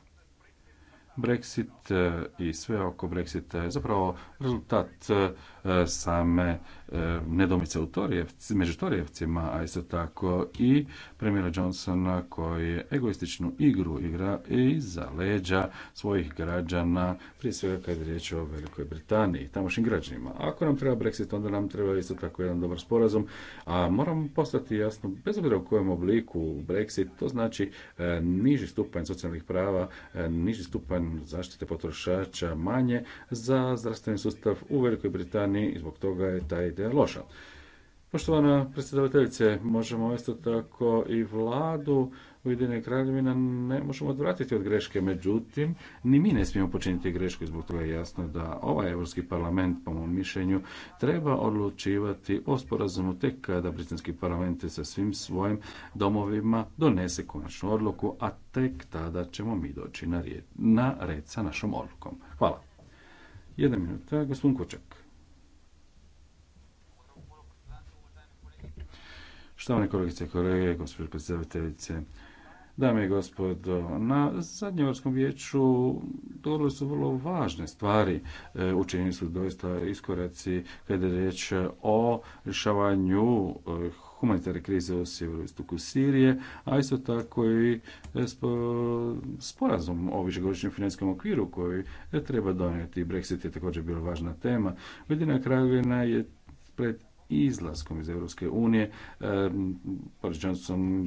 Brexit eh, i sve oko Brexita je zapravo rezultat eh, E, same e, nedomice u Torijevci, među Torijevcima, a isto tako i premijera Johnsona koji je egoističnu igru igra za leđa svojih građana, prije svega kad je riječ o Velikoj Britaniji i tamošnjim građanima. Ako nam treba Brexit, onda nam treba isto tako jedan dobar sporazum, a moramo postati jasno, bez obzira u kojem obliku Brexit, to znači e, niži stupanj socijalnih prava, niži stupanj zaštite potrošača, manje za zdravstveni sustav u Velikoj Britaniji, i zbog toga je ta ideja loša. Poštovana predsjedavateljice, možemo isto tako i vladu ujedinjene kraljevina ne možemo odvratiti od greške, međutim, ni mi ne smijemo počiniti grešku i zbog toga je jasno da ovaj Europski parlament, po mom mišljenju, treba odlučivati o sporazumu tek kada Britanski parlament sa svim svojim domovima donese konačnu odluku, a tek tada ćemo mi doći na red, sa našom odlukom. Hvala. Jedna minuta, gospodin Kučak. Štovane kolegice i kolege, gospođo predsjedateljice, Dame i gospodo, na vrskom vijeću dobro su vrlo važne stvari. E, Učinjeni su doista iskoraci kada je riječ o rješavanju e, humanitarne krize u sjeveroistoku Sirije, a isto tako i e, sporazum o višegodišnjem financijskom okviru koji treba donijeti. Brexit je također bila važna tema. Ujedinjena kraljevina je pred izlaskom iz Europske unije. E, Boris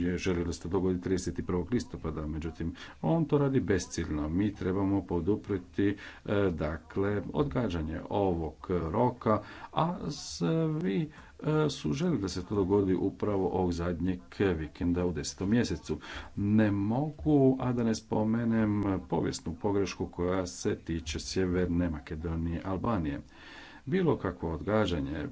je želio da se to dogodi 31. listopada, međutim, on to radi besciljno. Mi trebamo podupriti e, dakle, odgađanje ovog roka, a svi e, su željeli da se to dogodi upravo ovog zadnjeg vikenda u desetom mjesecu. Ne mogu, a da ne spomenem povijesnu pogrešku koja se tiče Sjeverne Makedonije Albanije. Bilo kakvo odgađanje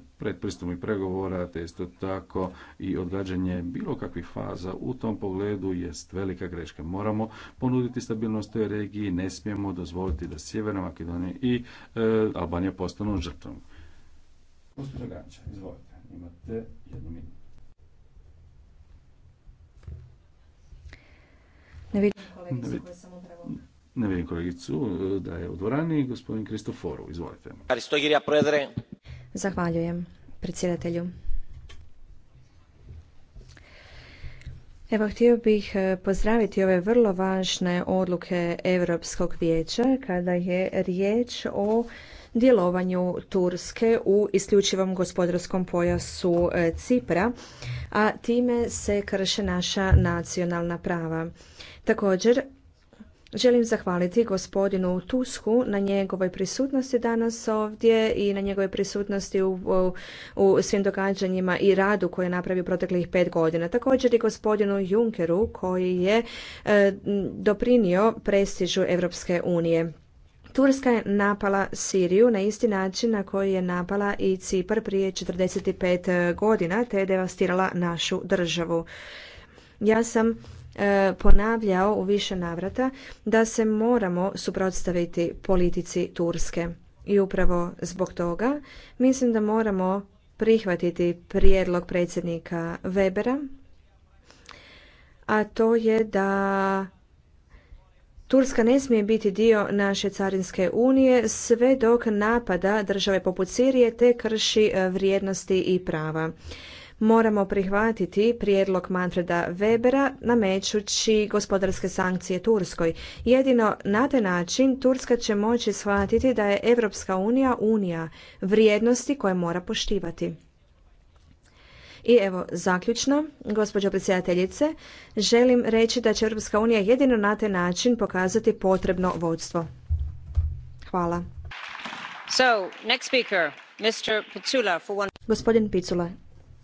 i pregovora, te isto tako i odgađanje bilo kakvih faza u tom pogledu jest velika greška. Moramo ponuditi stabilnost toj regiji, ne smijemo dozvoliti da Sjeverna Makedonija i e, Albanija postanu žrtvom. Ganča, izvolite, imate ne vidim kolegicu e, da je u dvorani. Gospodin Kristoforu, izvolite. Zahvaljujem predsjedatelju. Evo, htio bih e, pozdraviti ove vrlo važne odluke Europskog vijeća kada je riječ o djelovanju Turske u isključivom gospodarskom pojasu e, Cipra, a time se krše naša nacionalna prava. Također, Želim zahvaliti gospodinu Tusku na njegovoj prisutnosti danas ovdje i na njegovoj prisutnosti u, u, svim događanjima i radu koji je napravio proteklih pet godina. Također i gospodinu Junkeru koji je e, doprinio prestižu Europske unije. Turska je napala Siriju na isti način na koji je napala i Cipar prije 45 godina te je devastirala našu državu. Ja sam E, ponavljao u više navrata da se moramo suprotstaviti politici Turske. I upravo zbog toga mislim da moramo prihvatiti prijedlog predsjednika Webera, a to je da Turska ne smije biti dio naše carinske unije sve dok napada države poput Sirije te krši e, vrijednosti i prava moramo prihvatiti prijedlog Manfreda Webera namećući gospodarske sankcije Turskoj. Jedino na taj način Turska će moći shvatiti da je Europska unija unija vrijednosti koje mora poštivati. I evo, zaključno, gospođo predsjedateljice, želim reći da će Europska unija jedino na taj način pokazati potrebno vodstvo. Hvala. Gospodin Picula,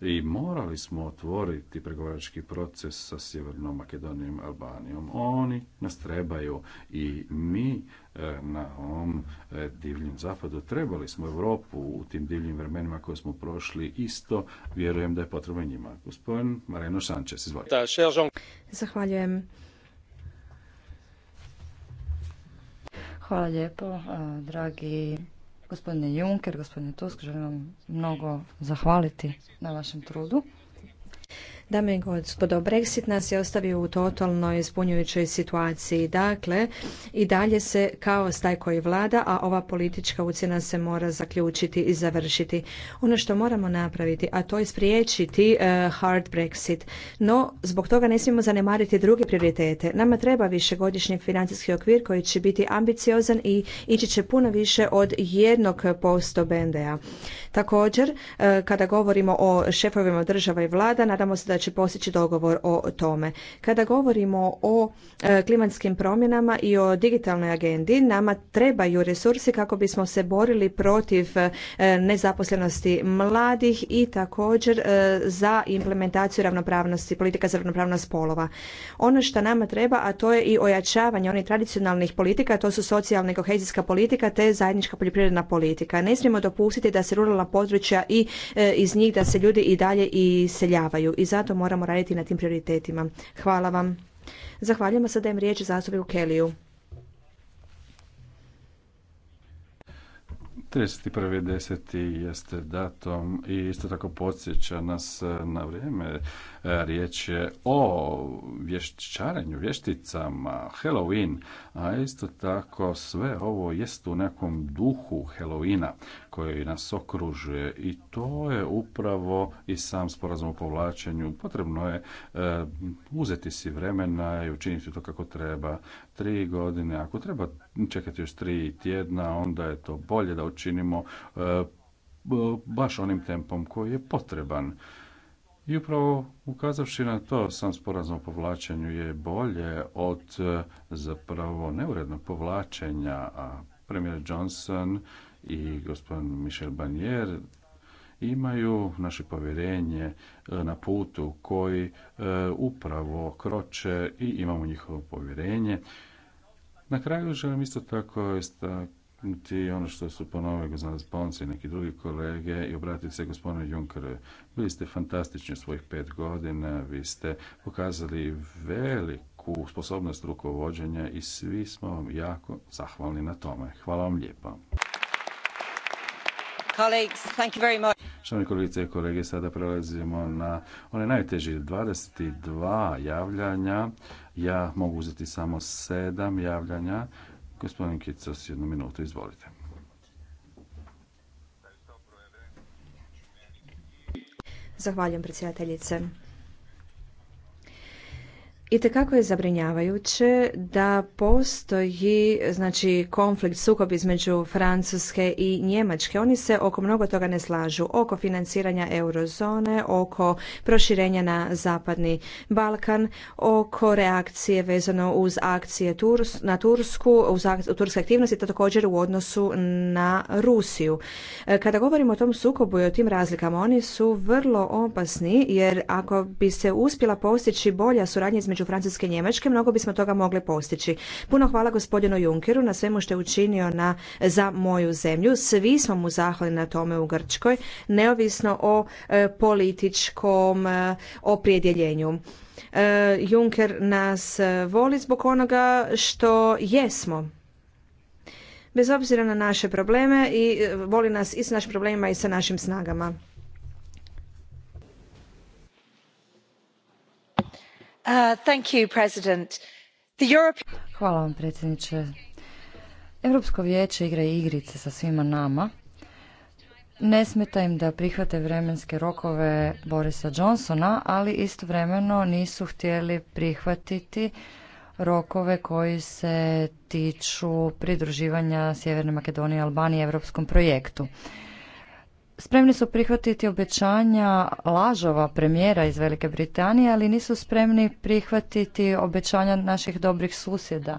i morali smo otvoriti pregovarački proces sa Sjevernom Makedonijom Albanijom. Oni nas trebaju i mi e, na ovom e, divljem zapadu trebali smo Europu u tim divljim vremenima koje smo prošli isto vjerujem da je potrebno njima. Gospodin Mareno Sanchez, izvolite. Zahvaljujem. Hvala lijepo, dragi Gospodine Juncker, gospodine Tusk, želim vam mnogo zahvaliti na vašem trudu. Dame i gospodo, Brexit nas je ostavio u totalnoj, ispunjujućoj situaciji. Dakle, i dalje se kao taj koji vlada, a ova politička ucjena se mora zaključiti i završiti. Ono što moramo napraviti, a to je spriječiti eh, hard Brexit. No, zbog toga ne smijemo zanemariti druge prioritete. Nama treba višegodišnji financijski okvir koji će biti ambiciozan i ići će puno više od jednog posto BND-a. Također, eh, kada govorimo o šefovima država i vlada, nadamo se da će postići dogovor o tome. Kada govorimo o e, klimatskim promjenama i o digitalnoj agendi, nama trebaju resursi kako bismo se borili protiv e, nezaposlenosti mladih i također e, za implementaciju ravnopravnosti, politika za ravnopravnost spolova. Ono što nama treba, a to je i ojačavanje onih tradicionalnih politika, to su socijalna i kohezijska politika te zajednička poljoprivredna politika. Ne smijemo dopustiti da se ruralna područja i iz njih da se ljudi i dalje iseljavaju. I zato zato moramo raditi na tim prioritetima. Hvala vam. Zahvaljujemo sada im riječ zastupniku Keliju. 31.10. jeste datum i isto tako podsjeća nas na vrijeme E, riječ je o vješćarenju, vješticama, Halloween, a isto tako sve ovo jest u nekom duhu Halloweena koji nas okružuje i to je upravo i sam sporazum o povlačenju. Potrebno je e, uzeti si vremena i učiniti to kako treba. Tri godine, ako treba čekati još tri tjedna, onda je to bolje da učinimo e, baš onim tempom koji je potreban. I upravo ukazavši na to, sam sporazum o povlačenju je bolje od e, zapravo neurednog povlačenja. A premijer Johnson i gospodin Michel Barnier imaju naše povjerenje e, na putu koji e, upravo kroče i imamo njihovo povjerenje. Na kraju želim isto tako ti ono što su ponovili gospodin Sponci i neki drugi kolege i obratiti se gospodinu Junkeru. Bili ste fantastični u svojih pet godina, vi ste pokazali veliku sposobnost rukovođenja i svi smo vam jako zahvalni na tome. Hvala vam lijepa. kolegice i kolege, sada prelazimo na one najteži 22 javljanja. Ja mogu uzeti samo sedam javljanja Gospodin Kicas, jednu minutu, izvolite. Zahvaljujem predsjedateljice i tekako je zabrinjavajuće da postoji znači konflikt, sukob između Francuske i Njemačke. Oni se oko mnogo toga ne slažu, oko financiranja eurozone, oko proširenja na zapadni Balkan, oko reakcije vezano uz akcije na Tursku, uz turske aktivnosti, također u odnosu na Rusiju. E, kada govorimo o tom sukobu i o tim razlikama, oni su vrlo opasni jer ako bi se uspjela postići bolja suradnja između između Francuske i Njemačke, mnogo bismo toga mogli postići. Puno hvala gospodinu Junkeru na svemu što je učinio na, za moju zemlju. Svi smo mu zahvalni na tome u Grčkoj, neovisno o e, političkom e, opredjeljenju. E, Juncker nas e, voli zbog onoga što jesmo bez obzira na naše probleme i voli nas i sa našim problemima i sa našim snagama. Uh, Hvala vam predsjedniče. Europsko vijeće igra igrice sa svima nama. Ne smeta im da prihvate vremenske rokove Borisa Johnsona, ali istovremeno nisu htjeli prihvatiti rokove koji se tiču pridruživanja Sjeverne Makedonije i Albanije europskom projektu. Spremni su prihvatiti obećanja lažova premijera iz Velike Britanije, ali nisu spremni prihvatiti obećanja naših dobrih susjeda.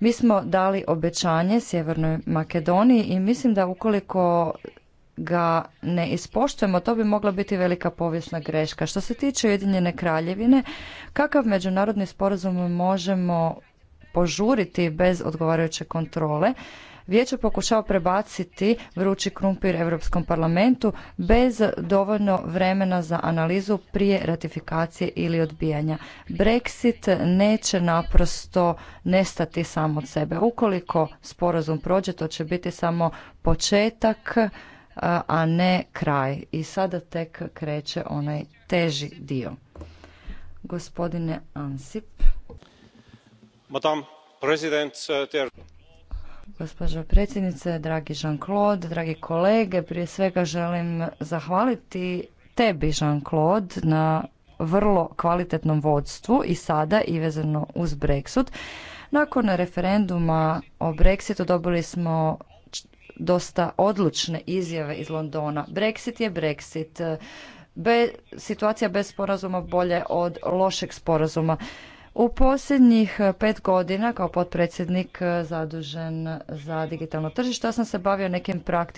Mi smo dali obećanje Sjevernoj Makedoniji i mislim da ukoliko ga ne ispoštujemo, to bi mogla biti velika povijesna greška. Što se tiče Ujedinjene kraljevine, kakav međunarodni sporazum možemo požuriti bez odgovarajuće kontrole? Vijeće pokušava prebaciti vrući krumpir Europskom parlamentu bez dovoljno vremena za analizu prije ratifikacije ili odbijanja. Brexit neće naprosto nestati sam od sebe. Ukoliko sporazum prođe, to će biti samo početak a ne kraj. I sada tek kreće onaj teži dio. Gospodine Ansip. Madame, gospođo predsjednice, dragi Jean-Claude, dragi kolege. Prije svega želim zahvaliti tebi Jean-Claude na vrlo kvalitetnom vodstvu i sada i vezano uz Brexit. Nakon referenduma o Brexitu dobili smo dosta odlučne izjave iz Londona. Brexit je Brexit. Be, situacija bez sporazuma bolje od lošeg sporazuma. U posljednjih eh, pet godina kao potpredsjednik eh, zadužen za digitalno tržište ja sam se bavio nekim praktičnim